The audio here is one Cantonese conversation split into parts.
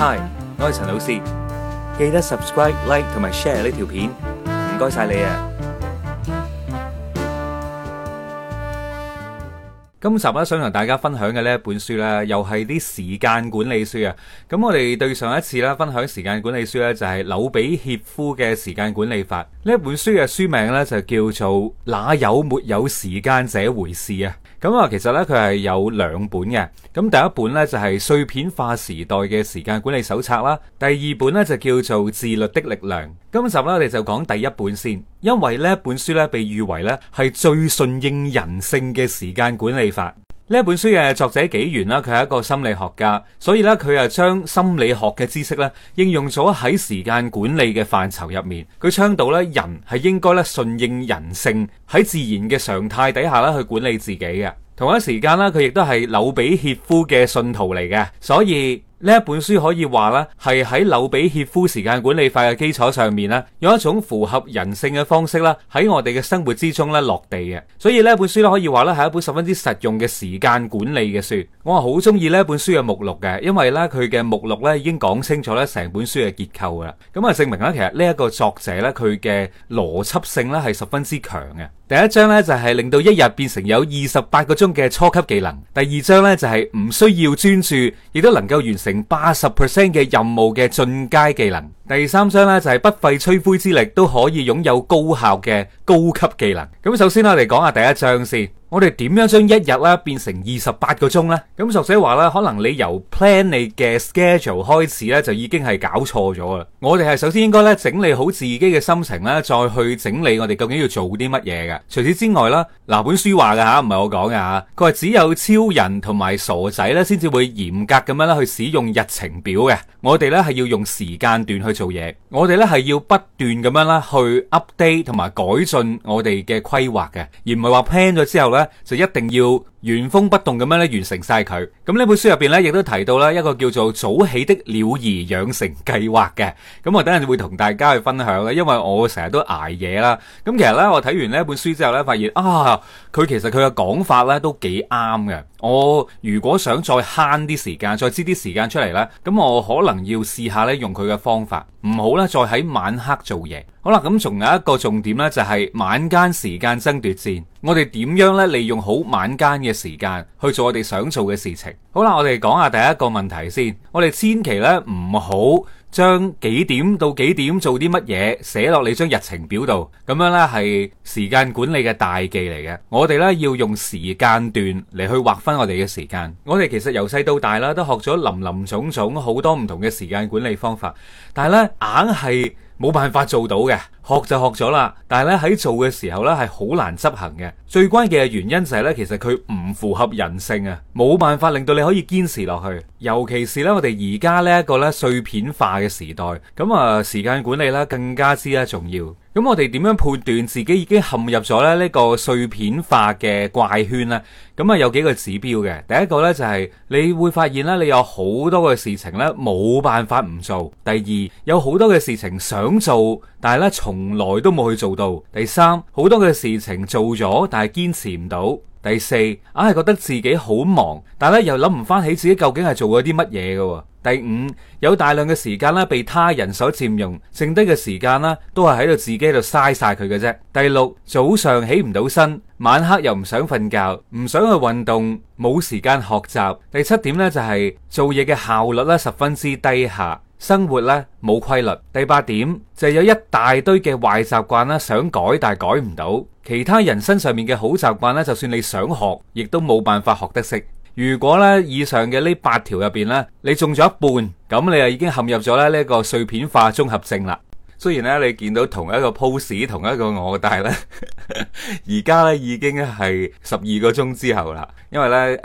Hi，我係陳老師，記得 subscribe、like 同埋 share 呢條片，唔該晒你啊！今集咧想同大家分享嘅呢一本書咧，又係啲時間管理書啊。咁我哋對上一次咧分享時間管理書咧，就是，就係柳比歇夫嘅時間管理法。呢一本書嘅書名咧就叫做《哪有沒有時間這回事》啊。咁啊，其實呢，佢係有兩本嘅。咁第一本呢，就係碎片化時代嘅時間管理手冊啦。第二本呢，就叫做自律的力量。今集呢，我哋就講第一本先，因為呢本書呢，被譽為呢係最順應人性嘅時間管理法。呢本書嘅作者紀元啦，佢係一個心理學家，所以咧佢啊將心理學嘅知識咧應用咗喺時間管理嘅範疇入面。佢倡導咧人係應該咧順應人性喺自然嘅常態底下啦去管理自己嘅。同一時間啦，佢亦都係柳比歇夫嘅信徒嚟嘅，所以。呢一本書可以話咧，係喺柳比歇夫時間管理法嘅基礎上面咧，用一種符合人性嘅方式啦，喺我哋嘅生活之中咧落地嘅。所以呢一本書咧可以話咧係一本十分之實用嘅時間管理嘅書。我好中意呢一本書嘅目錄嘅，因為咧佢嘅目錄咧已經講清楚咧成本書嘅結構噶啦。咁啊證明咧其實呢一個作者咧佢嘅邏輯性咧係十分之強嘅。第一張咧就係令到一日變成有二十八個鐘嘅初級技能，第二張咧就係唔需要專注，亦都能夠完成八十 p e 嘅任務嘅進階技能。第三章咧就係不費吹灰之力都可以擁有高效嘅高級技能。咁首先我哋講下第一章先。我哋點樣將一日咧變成二十八個鐘咧？咁作者話咧，可能你由 plan 你嘅 schedule 開始咧，就已經係搞錯咗啦。我哋係首先應該咧整理好自己嘅心情咧，再去整理我哋究竟要做啲乜嘢嘅。除此之外啦，嗱本書話嘅吓，唔係我講嘅吓，佢話只有超人同埋傻仔咧先至會嚴格咁樣咧去使用日程表嘅。我哋咧係要用時間段去做嘢，我哋咧係要不斷咁樣咧去 update 同埋改進我哋嘅規劃嘅，而唔係話 plan 咗之後咧就一定要。原封不動咁樣咧完成晒佢。咁呢本書入邊咧，亦都提到咧一個叫做早起的鳥兒養成計劃嘅。咁我等陣會同大家去分享咧，因為我成日都挨夜啦。咁其實咧，我睇完呢本書之後咧，發現啊，佢其實佢嘅講法咧都幾啱嘅。我如果想再慳啲時間，再知啲時間出嚟咧，咁我可能要試下咧用佢嘅方法，唔好咧再喺晚黑做嘢。好啦，咁仲有一個重點咧，就是，就係晚間時間爭奪戰。我哋點樣咧利用好晚間嘅時間去做我哋想做嘅事情。好啦，我哋講下第一個問題先。我哋千祈咧唔好將幾點到幾點做啲乜嘢寫落你張日程表度。咁樣咧係時間管理嘅大忌嚟嘅。我哋咧要用時間段嚟去劃分我哋嘅時間。我哋其實由細到大啦，都學咗林林總總好多唔同嘅時間管理方法，但係咧硬係冇辦法做到嘅。學就學咗啦，但係咧喺做嘅時候咧係好難執行嘅。最關鍵嘅原因就係咧，其實佢唔符合人性啊，冇辦法令到你可以堅持落去。尤其是咧，我哋而家呢一個咧碎片化嘅時代，咁啊時間管理咧更加之咧重要。咁我哋點樣判斷自己已經陷入咗咧呢個碎片化嘅怪圈呢？咁啊有幾個指標嘅。第一個呢就係你會發現呢，你有好多嘅事情呢冇辦法唔做。第二有好多嘅事情想做，但係呢從從來都冇去做到。第三，好多嘅事情做咗，但係堅持唔到。第四，硬係覺得自己好忙，但係咧又諗唔翻起自己究竟係做咗啲乜嘢嘅。第五，有大量嘅時間咧被他人所佔用，剩低嘅時間啦都係喺度自己喺度嘥晒佢嘅啫。第六，早上起唔到身，晚黑又唔想瞓覺，唔想去運動，冇時間學習。第七點呢、就係，就係做嘢嘅效率咧十分之低下。生活咧冇規律，第八點就係有一大堆嘅壞習慣啦，想改但係改唔到。其他人身上面嘅好習慣咧，就算你想學，亦都冇辦法學得識。如果咧以上嘅呢八條入邊咧，你中咗一半，咁你啊已經陷入咗咧呢個碎片化綜合症啦。雖然咧你見到同一個 pose 同一個我，但係咧而家咧已經係十二個鐘之後啦，因為咧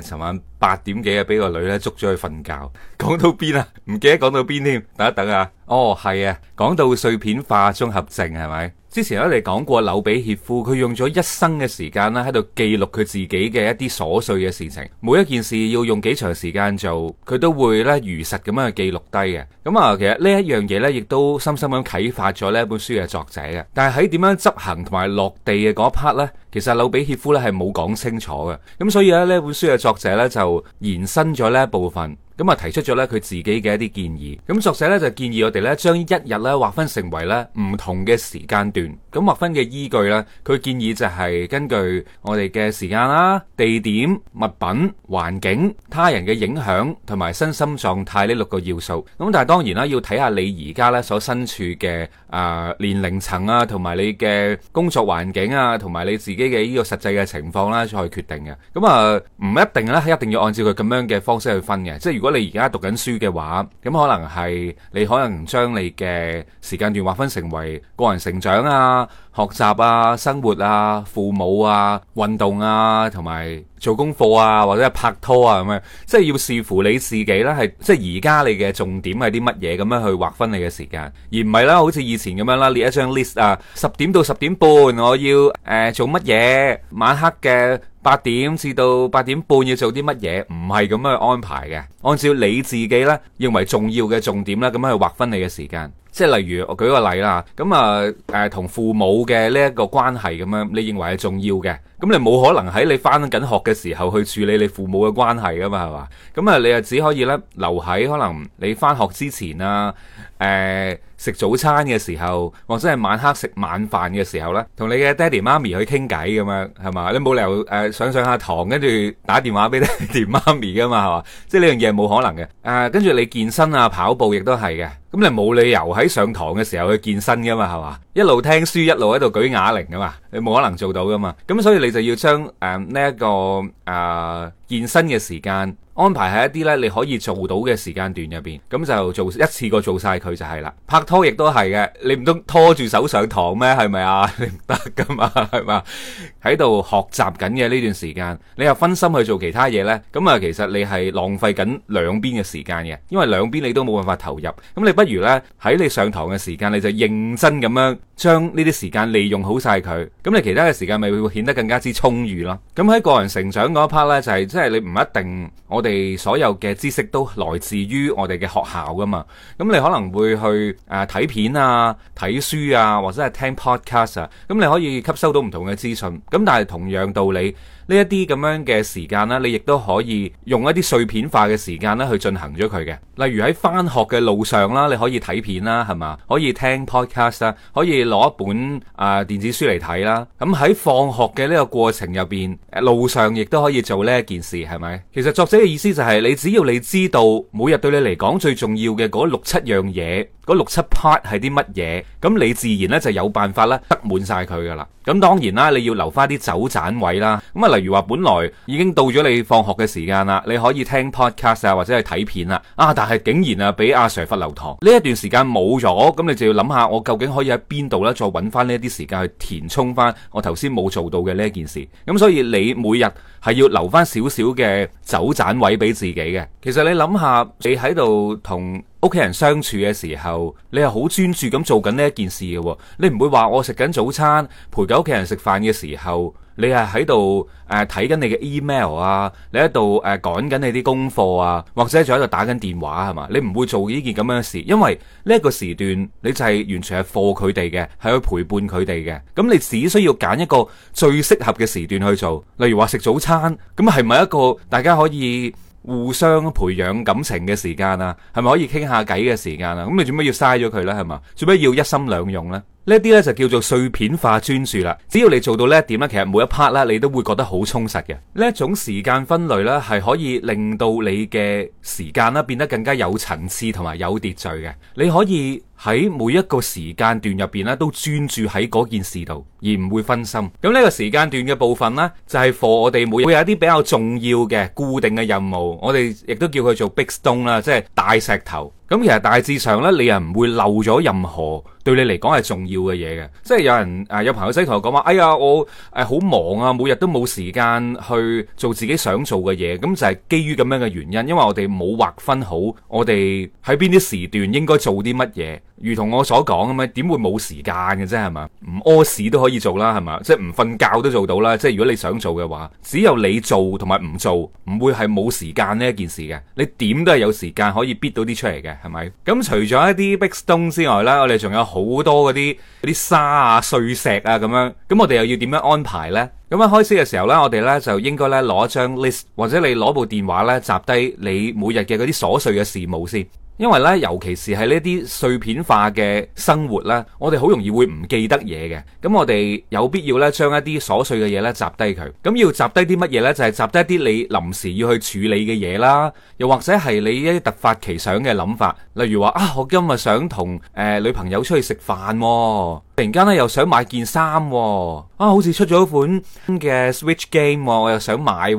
誒，尋晚八點幾啊，俾個女咧捉咗去瞓覺，講到邊啊？唔記得講到邊添？等一等啊！哦，係啊，講到碎片化綜合症係咪？之前咧，你講過柳比歇夫，佢用咗一生嘅時間咧，喺度記錄佢自己嘅一啲瑣碎嘅事情，每一件事要用幾長時間做，佢都會咧如實咁樣去記錄低嘅。咁啊，其實呢一樣嘢咧，亦都深深咁啟發咗呢一本書嘅作者嘅。但係喺點樣執行同埋落地嘅嗰一 part 咧，其實柳比歇夫咧係冇講清楚嘅。咁所以咧，呢本書嘅作者咧就延伸咗呢一部分。咁啊提出咗咧佢自己嘅一啲建議，咁作者咧就建議我哋咧將一日咧劃分成為咧唔同嘅時間段。咁劃分嘅依據呢佢建議就係根據我哋嘅時間啦、地點、物品、環境、他人嘅影響同埋身心狀態呢六個要素。咁但係當然啦，要睇下你而家呢所身處嘅啊、呃、年齡層啊，同埋你嘅工作環境啊，同埋你自己嘅呢個實際嘅情況啦、啊，再去決定嘅。咁啊，唔一定咧，一定要按照佢咁樣嘅方式去分嘅。即係如果你而家讀緊書嘅話，咁可能係你可能將你嘅時間段劃分成為個人成長啊。學習啊，生活啊，父母啊，運動啊，同埋做功課啊，或者係拍拖啊，咁樣即係要視乎你自己啦，係即係而家你嘅重點係啲乜嘢，咁樣去劃分你嘅時間，而唔係啦，好似以前咁樣啦，列一張 list 啊，十點到十點半我要誒做乜嘢，晚黑嘅八點至到八點半要做啲乜嘢，唔係咁樣去安排嘅，按照你自己呢認為重要嘅重點啦，咁樣去劃分你嘅時間。即係例如，我舉個例啦。咁啊，誒同父母嘅呢一個關係咁樣，你認為係重要嘅。咁你冇可能喺你翻緊學嘅時候去處理你父母嘅關係噶嘛，係嘛？咁啊，你啊只可以咧留喺可能你翻學之前啊，誒、呃。食早餐嘅時候，或者係晚黑食晚飯嘅時候咧，同你嘅爹哋媽咪去傾偈咁樣，係嘛？你冇理由誒、呃、上上下堂，跟住打電話俾爹哋媽咪噶嘛，係嘛？即係呢樣嘢冇可能嘅。誒、呃，跟住你健身啊、跑步亦都係嘅，咁你冇理由喺上堂嘅時候去健身噶嘛，係嘛？一路聽書一路喺度舉啞鈴噶嘛，你冇可能做到噶嘛。咁所以你就要將誒呢一個誒、呃、健身嘅時間，安排喺一啲咧，你可以做到嘅時間段入邊，咁就做一次過做晒佢就係啦。拍拖亦都係嘅，你唔通拖住手上堂咩？係咪啊？ 你唔得噶嘛？係嘛？喺度學習緊嘅呢段時間，你又分心去做其他嘢呢。咁啊，其實你係浪費緊兩邊嘅時間嘅，因為兩邊你都冇辦法投入。咁你不如呢，喺你上堂嘅時間，你就認真咁樣。將呢啲時間利用好晒佢，咁你其他嘅時間咪會顯得更加之充裕咯。咁喺個人成長嗰一 part 呢，就係即係你唔一定我哋所有嘅知識都來自於我哋嘅學校噶嘛。咁你可能會去誒睇片啊、睇書啊，或者係聽 podcast 啊，咁你可以吸收到唔同嘅資訊。咁但係同樣道理。呢一啲咁樣嘅時間呢，你亦都可以用一啲碎片化嘅時間咧去進行咗佢嘅。例如喺翻學嘅路上啦，你可以睇片啦，係嘛，可以聽 podcast 啦，可以攞一本啊、呃、電子書嚟睇啦。咁喺放學嘅呢個過程入邊，路上亦都可以做呢一件事，係咪？其實作者嘅意思就係、是、你只要你知道每日對你嚟講最重要嘅嗰六七樣嘢，嗰六七 part 係啲乜嘢，咁你自然呢就有辦法咧塞滿晒佢噶啦。咁當然啦，你要留翻啲走盞位啦。咁啊，例如話，本來已經到咗你放學嘅時間啦，你可以聽 podcast 啊，或者係睇片啦。啊，但係竟然啊，俾阿 sir 罰留堂，呢一段時間冇咗，咁、哦、你就要諗下，我究竟可以喺邊度咧，再揾翻呢一啲時間去填充翻我頭先冇做到嘅呢一件事。咁、嗯、所以你每日係要留翻少少嘅走盞位俾自己嘅。其實你諗下，你喺度同屋企人相處嘅時候，你係好專注咁做緊呢一件事嘅。你唔會話我食緊早餐，陪佢屋企人食飯嘅時候。.你係喺度誒睇緊你嘅 email 啊，你喺度誒趕緊你啲功課啊，或者仲喺度打緊電話係嘛？你唔會做呢件咁樣嘅事，因為呢一個時段你就係完全係課佢哋嘅，係去陪伴佢哋嘅。咁你只需要揀一個最適合嘅時段去做，例如話食早餐，咁係咪一個大家可以互相培養感情嘅時間啊？係咪可以傾下偈嘅時間啊？咁你做咩要嘥咗佢呢？係嘛？做咩要一心兩用呢？呢啲咧，就叫做碎片化專注啦。只要你做到呢一點咧，其實每一 part 咧你都會覺得好充實嘅。呢一種時間分類咧，係可以令到你嘅時間咧變得更加有層次同埋有秩序嘅。你可以喺每一個時間段入邊咧都專注喺嗰件事度，而唔會分心。咁呢個時間段嘅部分呢，就係 for 我哋每日會有一啲比較重要嘅固定嘅任務，我哋亦都叫佢做 big stone 啦，即係大石頭。咁其實大致上呢，你又唔會漏咗任何對你嚟講係重要嘅嘢嘅。即係有人誒有朋友仔同我講話，哎呀我誒好忙啊，每日都冇時間去做自己想做嘅嘢。咁就係基於咁樣嘅原因，因為我哋冇劃分好我哋喺邊啲時段應該做啲乜嘢。如同我所講咁樣，點會冇時間嘅啫？係嘛，唔屙屎都可以做啦，係嘛，即係唔瞓覺都做到啦。即係如果你想做嘅話，只有你做同埋唔做，唔會係冇時間呢一件事嘅。你點都係有時間可以逼到啲出嚟嘅，係咪？咁除咗一啲 big stone 之外呢，我哋仲有好多嗰啲啲沙啊、碎石啊咁樣。咁我哋又要點樣安排呢？咁樣開始嘅時候呢，我哋呢，就應該呢攞一張 list，或者你攞部電話呢，集低你每日嘅嗰啲瑣碎嘅事務先。因為咧，尤其是係呢啲碎片化嘅生活咧，我哋好容易會唔記得嘢嘅。咁我哋有必要咧，將一啲瑣碎嘅嘢咧，集低佢。咁要集低啲乜嘢咧？就係、是、集低啲你臨時要去處理嘅嘢啦，又或者係你一啲突發奇想嘅諗法，例如話啊，我今日想同誒、呃、女朋友出去食飯、喎。突然間咧又想買件衫，啊，啊，好似出咗一款新嘅 Switch game，啊，我又想買，啊；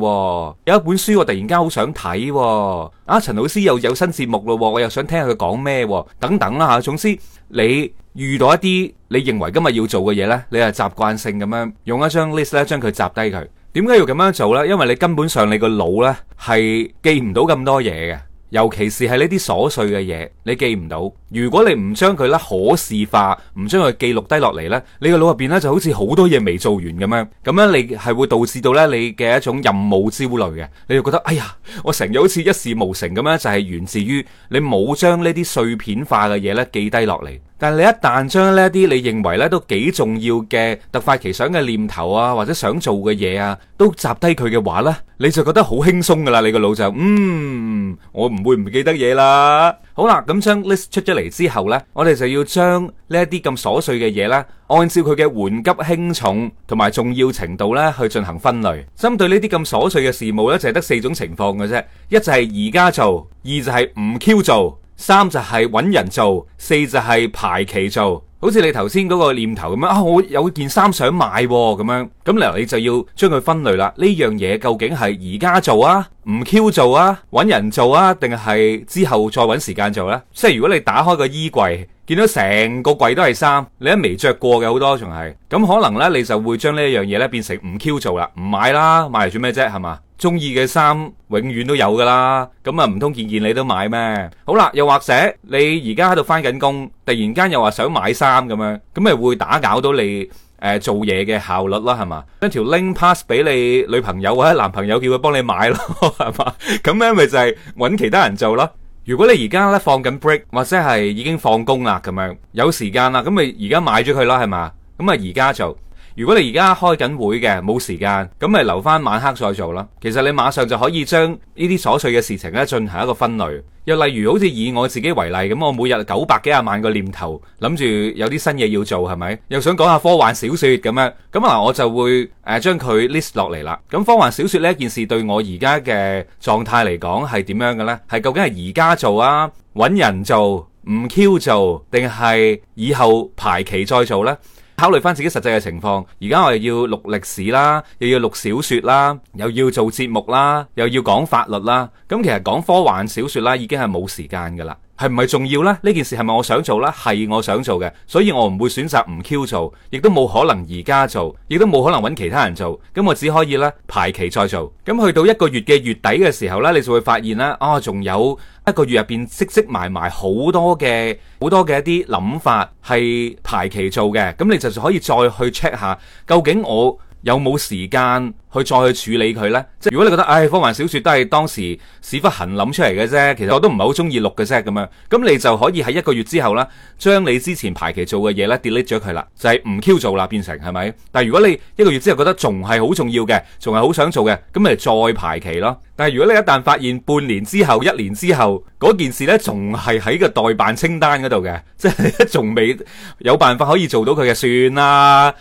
有一本書我突然間好想睇，啊，啊，陳老師又有新節目咯，啊，我又想聽下佢講咩，等等啦，啊、吓。總之你遇到一啲你認為今日要做嘅嘢呢，你係習慣性咁樣用一張 list 咧將佢摘低佢。點解要咁樣做呢？因為你根本上你個腦呢係記唔到咁多嘢嘅。尤其是係呢啲瑣碎嘅嘢，你記唔到，如果你唔將佢咧可視化，唔將佢記錄低落嚟，呢你個腦入邊呢就好似好多嘢未做完咁樣，咁樣你係會導致到呢你嘅一種任務焦慮嘅，你就覺得哎呀，我成日好似一事無成咁樣，就係、是、源自於你冇將呢啲碎片化嘅嘢呢記低落嚟。但係你一旦將呢一啲你認為咧都幾重要嘅突發奇想嘅念頭啊，或者想做嘅嘢啊，都集低佢嘅話咧，你就覺得好輕鬆噶啦，你個腦就嗯，我唔會唔記得嘢啦。好啦，咁將 list 出咗嚟之後咧，我哋就要將呢一啲咁瑣碎嘅嘢咧，按照佢嘅緩急輕重同埋重要程度咧去進行分類。針對呢啲咁瑣碎嘅事務咧，就係得四種情況嘅啫，一就係而家做，二就係唔 Q 做。三就係揾人做，四就係排期做。好似你頭先嗰個念頭咁樣，啊，我有件衫想買咁、哦、樣，咁嗱，你就要將佢分類啦。呢樣嘢究竟係而家做啊，唔 Q 做啊，揾人做啊，定係之後再揾時間做咧？即係如果你打開個衣櫃。見到成個櫃都係衫，你都未着過嘅好多，仲係咁可能咧，你就會將呢一樣嘢，咧變成唔 Q 做啦，唔買啦，買嚟做咩啫？係嘛，中意嘅衫永遠都有噶啦，咁啊唔通件件你都買咩？好啦，又或者你而家喺度翻緊工，突然間又話想買衫咁樣，咁咪會打攪到你誒、呃、做嘢嘅效率啦，係嘛？將條 link pass 俾你女朋友或者男朋友，叫佢幫你買咯，係嘛？咁咧咪就係搵其他人做咯。如果你而家咧放緊 break 或者係已經放工啦咁樣，有時間啦，咁咪而家買咗佢啦，係嘛？咁啊而家就。如果你而家開緊會嘅，冇時間，咁咪留翻晚黑再做啦。其實你馬上就可以將呢啲瑣碎嘅事情咧進行一個分類。又例如好似以我自己為例，咁我每日九百幾啊，萬個念頭，諗住有啲新嘢要做，係咪？又想講下科幻小說咁樣，咁啊我就會誒、呃、將佢 list 落嚟啦。咁科幻小說呢件事對我而家嘅狀態嚟講係點樣嘅呢？係究竟係而家做啊，揾人做，唔 Q 做，定係以後排期再做呢？考慮翻自己實際嘅情況，而家我又要錄歷史啦，又要錄小説啦，又要做節目啦，又要講法律啦，咁其實講科幻小説啦，已經係冇時間噶啦。係唔係重要呢？呢件事係咪我想做呢？係我想做嘅，所以我唔會選擇唔 Q 做，亦都冇可能而家做，亦都冇可能揾其他人做。咁我只可以呢排期再做。咁去到一個月嘅月底嘅時候呢，你就會發現呢，啊，仲有一個月入邊積積埋埋好多嘅好多嘅一啲諗法係排期做嘅。咁你就就可以再去 check 下究竟我。有冇時間去再去處理佢呢？即係如果你覺得，唉、哎，科幻小說都係當時屎忽痕諗出嚟嘅啫，其實我都唔係好中意錄嘅啫咁樣。咁你就可以喺一個月之後咧，將你之前排期做嘅嘢咧，delete 咗佢啦，就係、是、唔 Q 做啦，變成係咪？但係如果你一個月之後覺得仲係好重要嘅，仲係好想做嘅，咁咪再排期咯。但係如果你一旦發現半年之後、一年之後嗰件事呢，仲係喺個代辦清單嗰度嘅，即係仲未有辦法可以做到佢嘅，算啦。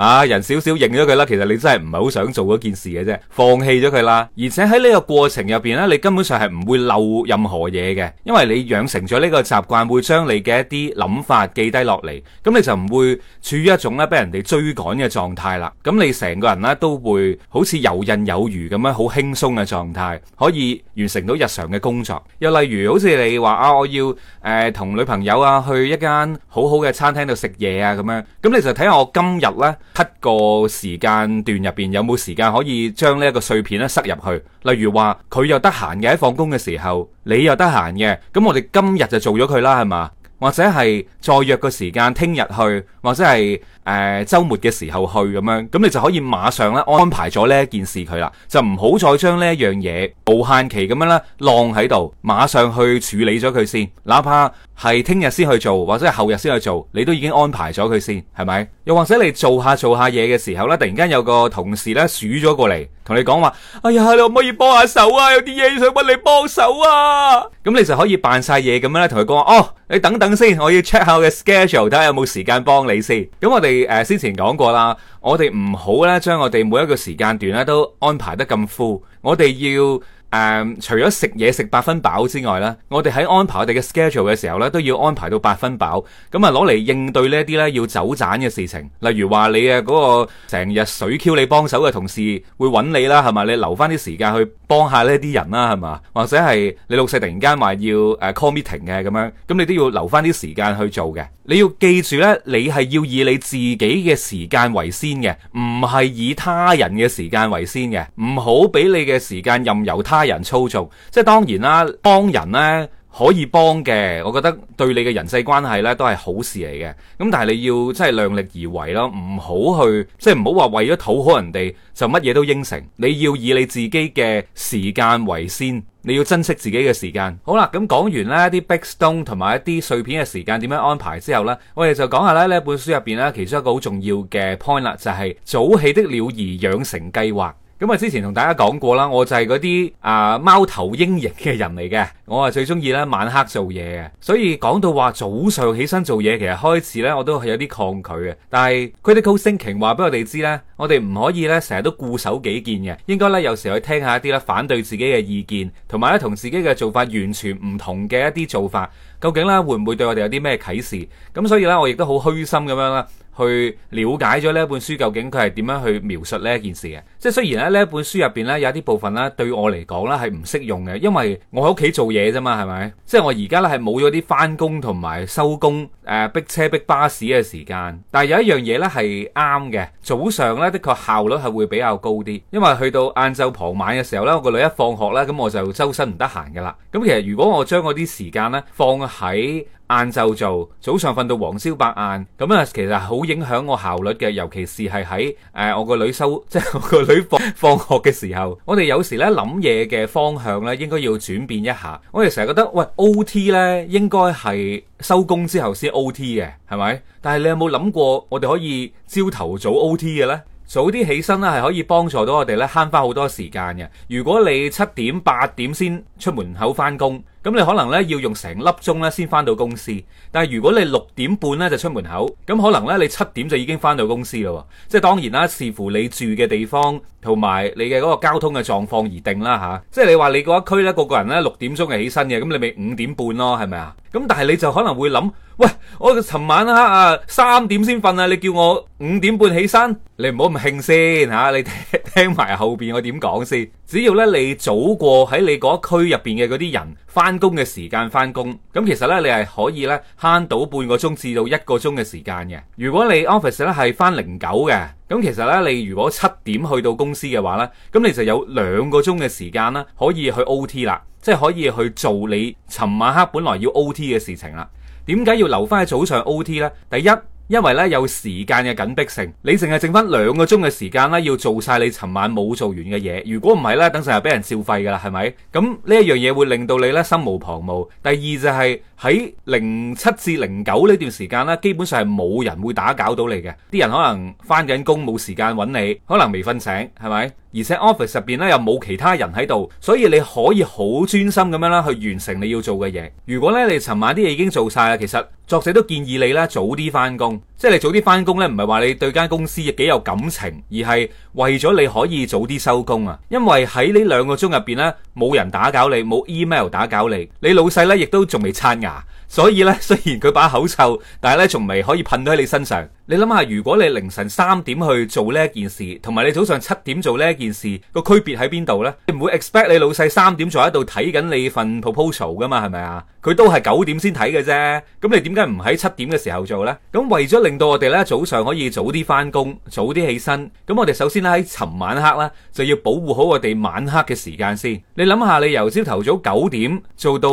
啊！人少少認咗佢啦，其實你真係唔係好想做嗰件事嘅啫，放棄咗佢啦。而且喺呢個過程入邊呢，你根本上係唔會漏任何嘢嘅，因為你養成咗呢個習慣，會將你嘅一啲諗法記低落嚟。咁你就唔會處於一種咧俾人哋追趕嘅狀態啦。咁你成個人呢，都會好似游刃有餘咁樣，好輕鬆嘅狀態，可以完成到日常嘅工作。又例如好似你話啊，我要誒同、呃、女朋友啊去一間好好嘅餐廳度食嘢啊咁樣。咁你就睇下我今日呢，七個時間段入邊有冇時間可以將呢一個碎片塞入去？例如話佢又得閒嘅喺放工嘅時候，你又得閒嘅，咁我哋今日就做咗佢啦，係嘛？或者係再約個時間聽日去，或者係誒、呃、周末嘅時候去咁樣，咁你就可以馬上咧安排咗呢一件事佢啦，就唔好再將呢一樣嘢無限期咁樣咧晾喺度，馬上去處理咗佢先。哪怕係聽日先去做，或者係後日先去做，你都已經安排咗佢先，係咪？又或者你做下做下嘢嘅時候咧，突然間有個同事咧數咗過嚟。同你講話，哎呀，你可唔可以幫下手啊？有啲嘢想搵你幫手啊！咁你就可以扮晒嘢咁樣咧，同佢講話哦。你等等先，我要 check 下我嘅 schedule，睇下有冇時間幫你先。咁我哋誒、呃、先前講過啦，我哋唔好呢將我哋每一個時間段呢都安排得咁 full，我哋要。誒，um, 除咗食嘢食八分飽之外咧，我哋喺安排我哋嘅 schedule 嘅時候咧，都要安排到八分飽。咁啊，攞嚟應對呢一啲咧要走盞嘅事情，例如話你啊嗰個成日水 Q 你幫手嘅同事會揾你啦，係嘛？你留翻啲時間去幫下呢啲人啦，係嘛？或者係你老細突然間話要誒 call meeting 嘅咁樣，咁你都要留翻啲時間去做嘅。你要記住咧，你係要以你自己嘅時間為先嘅，唔係以他人嘅時間為先嘅，唔好俾你嘅時間任由他他人操縱，即係當然啦。幫人呢可以幫嘅，我覺得對你嘅人際關係呢都係好事嚟嘅。咁但係你要即係量力而為囉，唔好去即係唔好話為咗討好人哋就乜嘢都應承。你要以你自己嘅時間為先，你要珍惜自己嘅時間。好啦，咁、嗯、講完呢啲 big stone 同埋一啲碎片嘅時間點樣安排之後呢，我哋就講下咧呢本書入邊呢，其中一個好重要嘅 point 啦，就係、是、早起的鳥兒養成計劃。咁啊，之前同大家講過啦，我就係嗰啲啊貓頭鷹型嘅人嚟嘅，我係最中意咧晚黑做嘢嘅，所以講到話早上起身做嘢，其實開始咧我都係有啲抗拒嘅。但係 critical thinking 話俾我哋知咧，我哋唔可以咧成日都固守己見嘅，應該咧有時去聽一下一啲咧反對自己嘅意見，同埋咧同自己嘅做法完全唔同嘅一啲做法，究竟咧會唔會對我哋有啲咩啟示？咁所以咧我亦都好虛心咁樣啦，去了解咗呢一本書究竟佢係點樣去描述呢一件事嘅，即係雖然咧呢一本書入邊咧有啲部分咧對我嚟講咧係唔適用嘅，因為我喺屋企做嘢啫嘛，係咪？即係我而家咧係冇咗啲返工同埋收工誒逼車逼巴士嘅時間，但係有一樣嘢咧係啱嘅，早上咧的確效率係會比較高啲，因為去到晏晝傍晚嘅時候咧，我個女一放學咧，咁我就周身唔得閒㗎喇。咁其實如果我將嗰啲時間咧放喺晏晝做，早上瞓到黃朝白晏，咁啊，其實好影響我效率嘅。尤其是係喺誒我個女收，即係我個女放放學嘅時候，我哋有時呢諗嘢嘅方向呢，應該要轉變一下。我哋成日覺得，喂、呃、O T 呢應該係收工之後先 O T 嘅，係咪？但係你有冇諗過，我哋可以朝頭早，早 O T 嘅呢？早啲起身呢，係可以幫助到我哋呢，慳翻好多時間嘅。如果你七點八點先出門口翻工，咁你可能咧，要用成粒鐘咧，先翻到公司，但係如果你六點半咧，就出門口，咁可能咧，你七點就已經翻到公司咯。即係當然啦，視乎你住嘅地方同埋你嘅嗰個交通嘅狀況而定啦吓、啊。即係你話你嗰一區咧，個個人咧，六點鐘係起身嘅，咁你咪五點半咯，係咪啊？咁但係你就可能會諗。喂，我琴晚黑啊，三點先瞓啊，你叫我五點半起身，你唔好咁興先吓，你聽埋後邊我點講先。只要咧你早過喺你嗰區入邊嘅嗰啲人翻工嘅時間翻工，咁其實咧你係可以咧慳到半個鐘至到一個鐘嘅時間嘅。如果你 office 咧係翻零九嘅，咁其實咧你如果七點去到公司嘅話咧，咁你就有兩個鐘嘅時間啦，可以去 OT 啦，即係可以去做你琴晚黑本來要 OT 嘅事情啦。點解要留翻喺早上 OT 咧？第一。因為咧有時間嘅緊迫性，你淨係剩翻兩個鐘嘅時間啦，要做晒你尋晚冇做完嘅嘢。如果唔係咧，等陣又俾人照肺噶啦，係咪？咁呢一樣嘢會令到你咧心無旁騖。第二就係喺零七至零九呢段時間咧，基本上係冇人會打攪到你嘅。啲人可能翻緊工冇時間揾你，可能未瞓醒，係咪？而且 office 入邊咧又冇其他人喺度，所以你可以好專心咁樣啦去完成你要做嘅嘢。如果咧你尋晚啲嘢已經做晒啦，其實。作者都建議你咧早啲翻工。即係你早啲翻工咧，唔係話你對間公司幾有感情，而係為咗你可以早啲收工啊！因為喺呢兩個鐘入邊咧，冇人打攪你，冇 email 打攪你，你老細咧亦都仲未刷牙，所以咧雖然佢把口臭，但係咧仲未可以噴到喺你身上。你諗下，如果你凌晨三點去做呢一件事，同埋你早上七點做呢一件事，個區別喺邊度咧？你唔會 expect 你老細三點坐喺度睇緊你份 proposal 噶嘛？係咪啊？佢都係九點先睇嘅啫，咁你點解唔喺七點嘅時候做咧？咁為咗你。令到我哋咧早上可以早啲翻工，早啲起身。咁我哋首先咧喺尋晚黑啦，就要保護好我哋晚黑嘅時間先。你諗下，你由朝頭早九點做到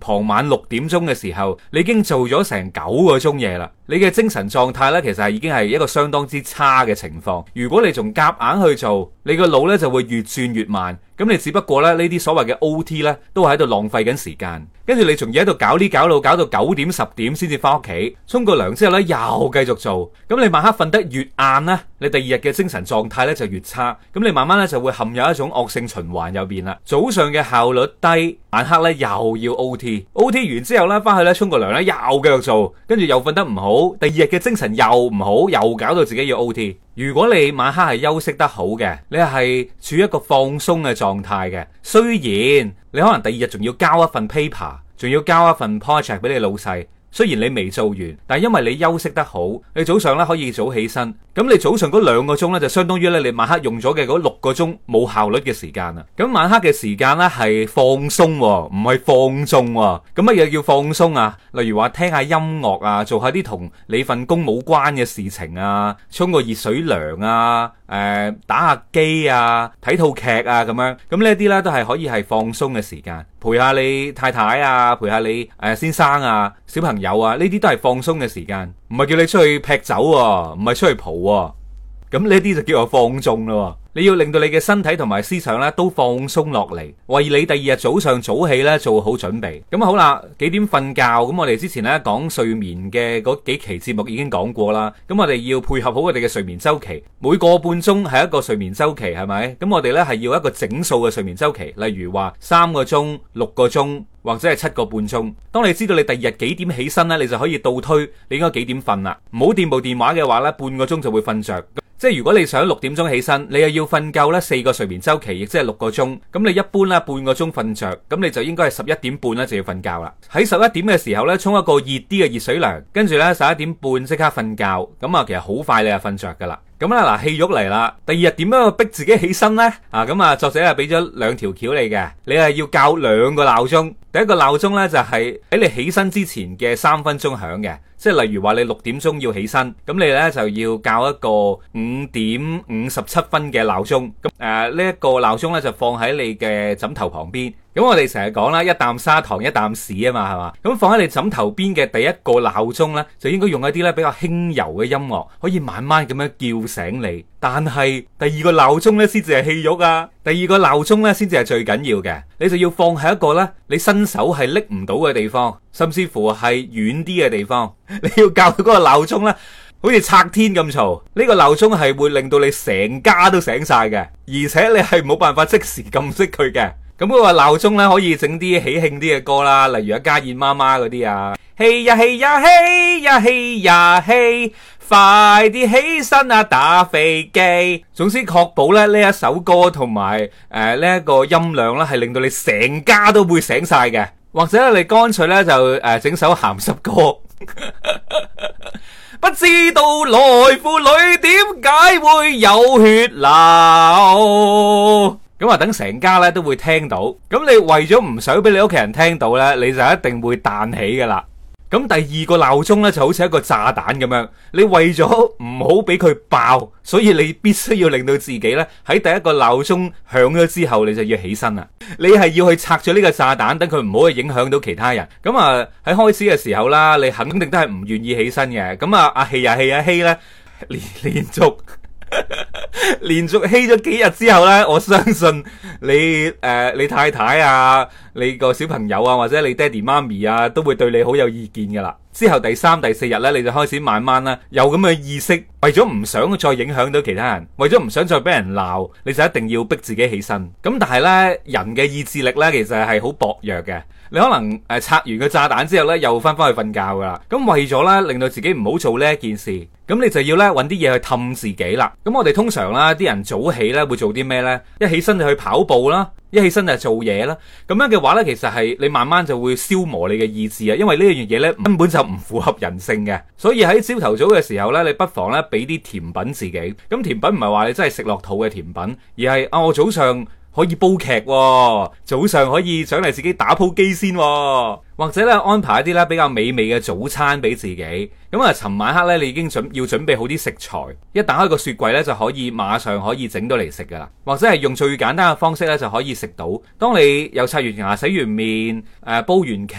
傍晚六點鐘嘅時候，你已經做咗成九個鐘嘢啦。你嘅精神狀態咧，其實已經係一個相當之差嘅情況。如果你仲夾硬去做，你個腦咧就會越轉越慢。咁你只不過咧，呢啲所謂嘅 OT 咧，都喺度浪費緊時間，跟住你仲要喺度搞呢搞，搞到搞到九點十點先至翻屋企，沖個涼之後咧又繼續做，咁你晚黑瞓得越晏咧。你第二日嘅精神狀態咧就越差，咁你慢慢咧就會陷入一種惡性循環入邊啦。早上嘅效率低，晚黑咧又要 OT，OT 完之後咧翻去咧沖個涼咧又繼續做，跟住又瞓得唔好，第二日嘅精神又唔好，又搞到自己要 OT。如果你晚黑係休息得好嘅，你係處於一個放鬆嘅狀態嘅，雖然你可能第二日仲要交一份 paper，仲要交一份 project 俾你老細。雖然你未做完，但係因為你休息得好，你早上咧可以早起身，咁你早上嗰兩個鐘咧就相當於咧你晚黑用咗嘅嗰六個鐘冇效率嘅時間啦。咁晚黑嘅時間咧係放鬆喎，唔係放縱喎，咁乜嘢叫放鬆啊？例如話聽下音樂啊，做下啲同你份工冇關嘅事情啊，沖個熱水涼啊。誒、呃，打下機啊，睇套劇啊，咁樣，咁呢啲呢都係可以係放鬆嘅時間，陪下你太太啊，陪下你誒、呃、先生啊，小朋友啊，呢啲都係放鬆嘅時間，唔係叫你出去劈酒喎、啊，唔係出去蒲喎、啊。咁呢啲就叫做放縱咯，你要令到你嘅身體同埋思想咧都放鬆落嚟，為你第二日早上早起咧做好準備。咁好啦，幾點瞓覺？咁我哋之前咧講睡眠嘅嗰幾期節目已經講過啦。咁我哋要配合好我哋嘅睡眠周期，每個半鐘係一個睡眠周期，係咪？咁我哋咧係要一個整數嘅睡眠周期，例如話三個鐘、六個鐘或者係七個半鐘。當你知道你第二日幾點起身咧，你就可以倒推，你應該幾點瞓啦。唔好掂部電話嘅話咧，半個鐘就會瞓著。即係如果你想六點鐘起身，你又要瞓夠咧四個睡眠周期，亦即係六個鐘。咁你一般咧半個鐘瞓着，咁你就應該係十一點半咧就要瞓覺啦。喺十一點嘅時候咧沖一個熱啲嘅熱水涼，跟住咧十一點半即刻瞓覺，咁啊其實好快你就瞓着噶啦。咁啦嗱，戲肉嚟啦。第二日點樣去逼自己起身呢？啊咁啊，作者啊俾咗兩條橋你嘅，你係要教兩個鬧鐘。第一個鬧鐘咧就係喺你起身之前嘅三分鐘響嘅。即係例如話，你六點鐘要起身，咁你咧就要校一個五點五十七分嘅鬧鐘。咁誒，呢一個鬧鐘咧就放喺你嘅枕頭旁邊。咁我哋成日講啦，一啖砂糖一啖屎啊嘛，係嘛？咁放喺你枕頭邊嘅第一個鬧鐘咧，就應該用一啲咧比較輕柔嘅音樂，可以慢慢咁樣叫醒你。但係第二個鬧鐘咧先至係戲肉啊！第二個鬧鐘咧先至係最緊要嘅，你就要放喺一個咧你伸手係拎唔到嘅地方，甚至乎係遠啲嘅地方。你要教佢嗰個鬧鐘咧，好似拆天咁嘈。呢、這個鬧鐘係會令到你成家都醒晒嘅，而且你係冇辦法即時撳熄佢嘅。咁我話鬧鐘咧可以整啲喜慶啲嘅歌啦，例如《家燕媽媽》嗰啲啊，起呀起呀起呀起呀起，快啲起身啊，打飛機。總之確保咧呢一首歌同埋誒呢一個音量啦，係令到你成家都會醒晒嘅。或者你乾脆咧就誒整、呃、首鹹濕歌。 不知道內褲裏點解會有血流？咁啊，等成家咧都會聽到。咁你為咗唔想俾你屋企人聽到咧，你就一定會彈起噶啦。咁第二個鬧鐘咧就好似一個炸彈咁樣，你為咗唔好俾佢爆，所以你必須要令到自己咧喺第一個鬧鐘響咗之後，你就要起身啦。你係要去拆咗呢個炸彈，等佢唔好影響到其他人。咁啊喺開始嘅時候啦，你肯定都係唔願意起身嘅。咁啊，阿氣啊氣啊希咧，連連續連續希咗幾日之後咧，我相信你誒你太太啊。你個小朋友啊，或者你爹地媽咪啊，都會對你好有意見噶啦。之後第三、第四日呢，你就開始慢慢啦，有咁嘅意識，為咗唔想再影響到其他人，為咗唔想再俾人鬧，你就一定要逼自己起身。咁但係呢，人嘅意志力呢，其實係好薄弱嘅。你可能誒拆完個炸彈之後呢，又翻翻去瞓覺噶啦。咁為咗呢，令到自己唔好做呢一件事，咁你就要呢，揾啲嘢去氹自己啦。咁我哋通常啦，啲人早起呢，會做啲咩呢？一起身就去跑步啦。一起身就做嘢啦，咁樣嘅話呢，其實係你慢慢就會消磨你嘅意志啊，因為呢樣嘢呢，根本就唔符合人性嘅，所以喺朝頭早嘅時候呢，你不妨呢，俾啲甜品自己。咁甜品唔係話你真係食落肚嘅甜品，而係啊、哦、我早上可以煲劇喎，早上可以上嚟自己打鋪機先喎。或者咧安排一啲咧比較美味嘅早餐俾自己咁啊。尋、嗯、晚黑咧，你已經準要準備好啲食材，一打開個雪櫃咧就可以馬上可以整到嚟食噶啦。或者係用最簡單嘅方式咧就可以食到。當你又刷完牙、洗完面、誒、呃、煲完劇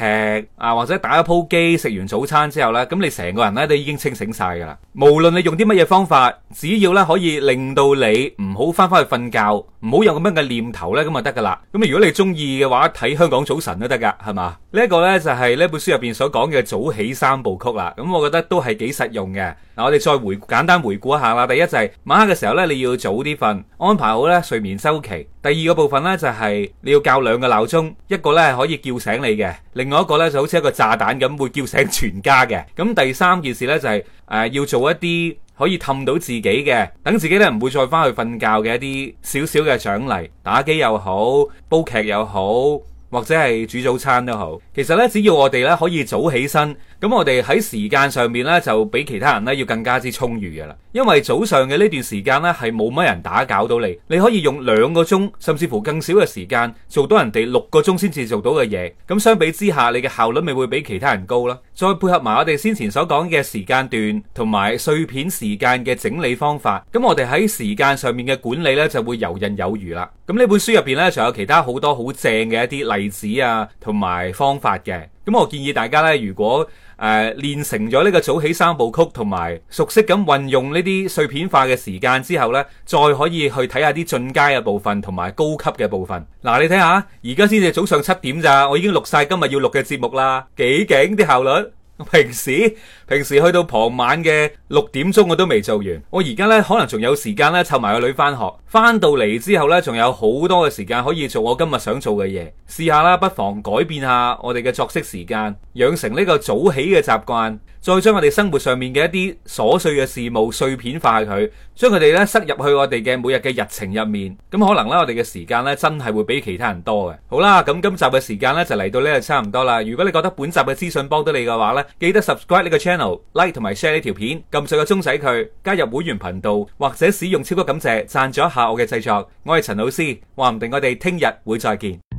啊、呃，或者打一鋪機、食完早餐之後咧，咁、嗯、你成個人咧都已經清醒晒噶啦。無論你用啲乜嘢方法，只要咧可以令到你唔好翻返去瞓覺，唔好有咁樣嘅念頭咧，咁就得噶啦。咁、嗯、如果你中意嘅話，睇香港早晨都得噶，係嘛？呢一個咧就係呢本書入邊所講嘅早起三部曲啦，咁我覺得都係幾實用嘅。嗱，我哋再回顧簡單回顧一下啦。第一就係、是、晚黑嘅時候呢，你要早啲瞓，安排好呢睡眠週期。第二個部分呢、就是，就係你要較兩個鬧鐘，一個咧可以叫醒你嘅，另外一個呢就好似一個炸彈咁會叫醒全家嘅。咁第三件事呢、就是，就係誒要做一啲可以氹到自己嘅，等自己呢唔會再返去瞓覺嘅一啲小小嘅獎勵，打機又好，煲劇又好。或者係煮早餐都好，其實呢，只要我哋咧可以早起身，咁我哋喺時間上面呢，就比其他人呢要更加之充裕嘅啦。因為早上嘅呢段時間呢，係冇乜人打攪到你，你可以用兩個鐘甚至乎更少嘅時間做，做到人哋六個鐘先至做到嘅嘢。咁相比之下，你嘅效率咪會比其他人高囉。再配合埋我哋先前所講嘅時間段同埋碎片時間嘅整理方法，咁我哋喺時間上面嘅管理呢，就會游刃有餘啦。咁呢本書入邊呢，仲有其他好多好正嘅一啲例子啊，同埋方法嘅。咁我建議大家呢，如果誒、uh, 練成咗呢個早起三部曲，同埋熟悉咁運用呢啲碎片化嘅時間之後呢，再可以去睇下啲進階嘅部分同埋高級嘅部分。嗱、啊，你睇下，而家先至早上七點咋，我已經錄晒今日要錄嘅節目啦，幾勁啲效率！平時平時去到傍晚嘅六點鐘我都未做完，我而家呢，可能仲有時間呢，湊埋個女翻學，翻到嚟之後呢，仲有好多嘅時間可以做我今日想做嘅嘢。試下啦，不妨改變下我哋嘅作息時間，養成呢個早起嘅習慣，再將我哋生活上面嘅一啲瑣碎嘅事務碎片化佢，將佢哋呢，塞入去我哋嘅每日嘅日程入面。咁、嗯、可能呢，我哋嘅時間呢，真係會比其他人多嘅。好啦，咁今集嘅時間呢，就嚟到呢度差唔多啦。如果你覺得本集嘅資訊幫到你嘅話呢。記得 subscribe 呢個 channel，like 同埋 share 呢條片，撳上個鐘仔佢，加入會員頻道或者使用超級感謝贊助一下我嘅製作。我係陳老 C，話唔定我哋聽日會再見。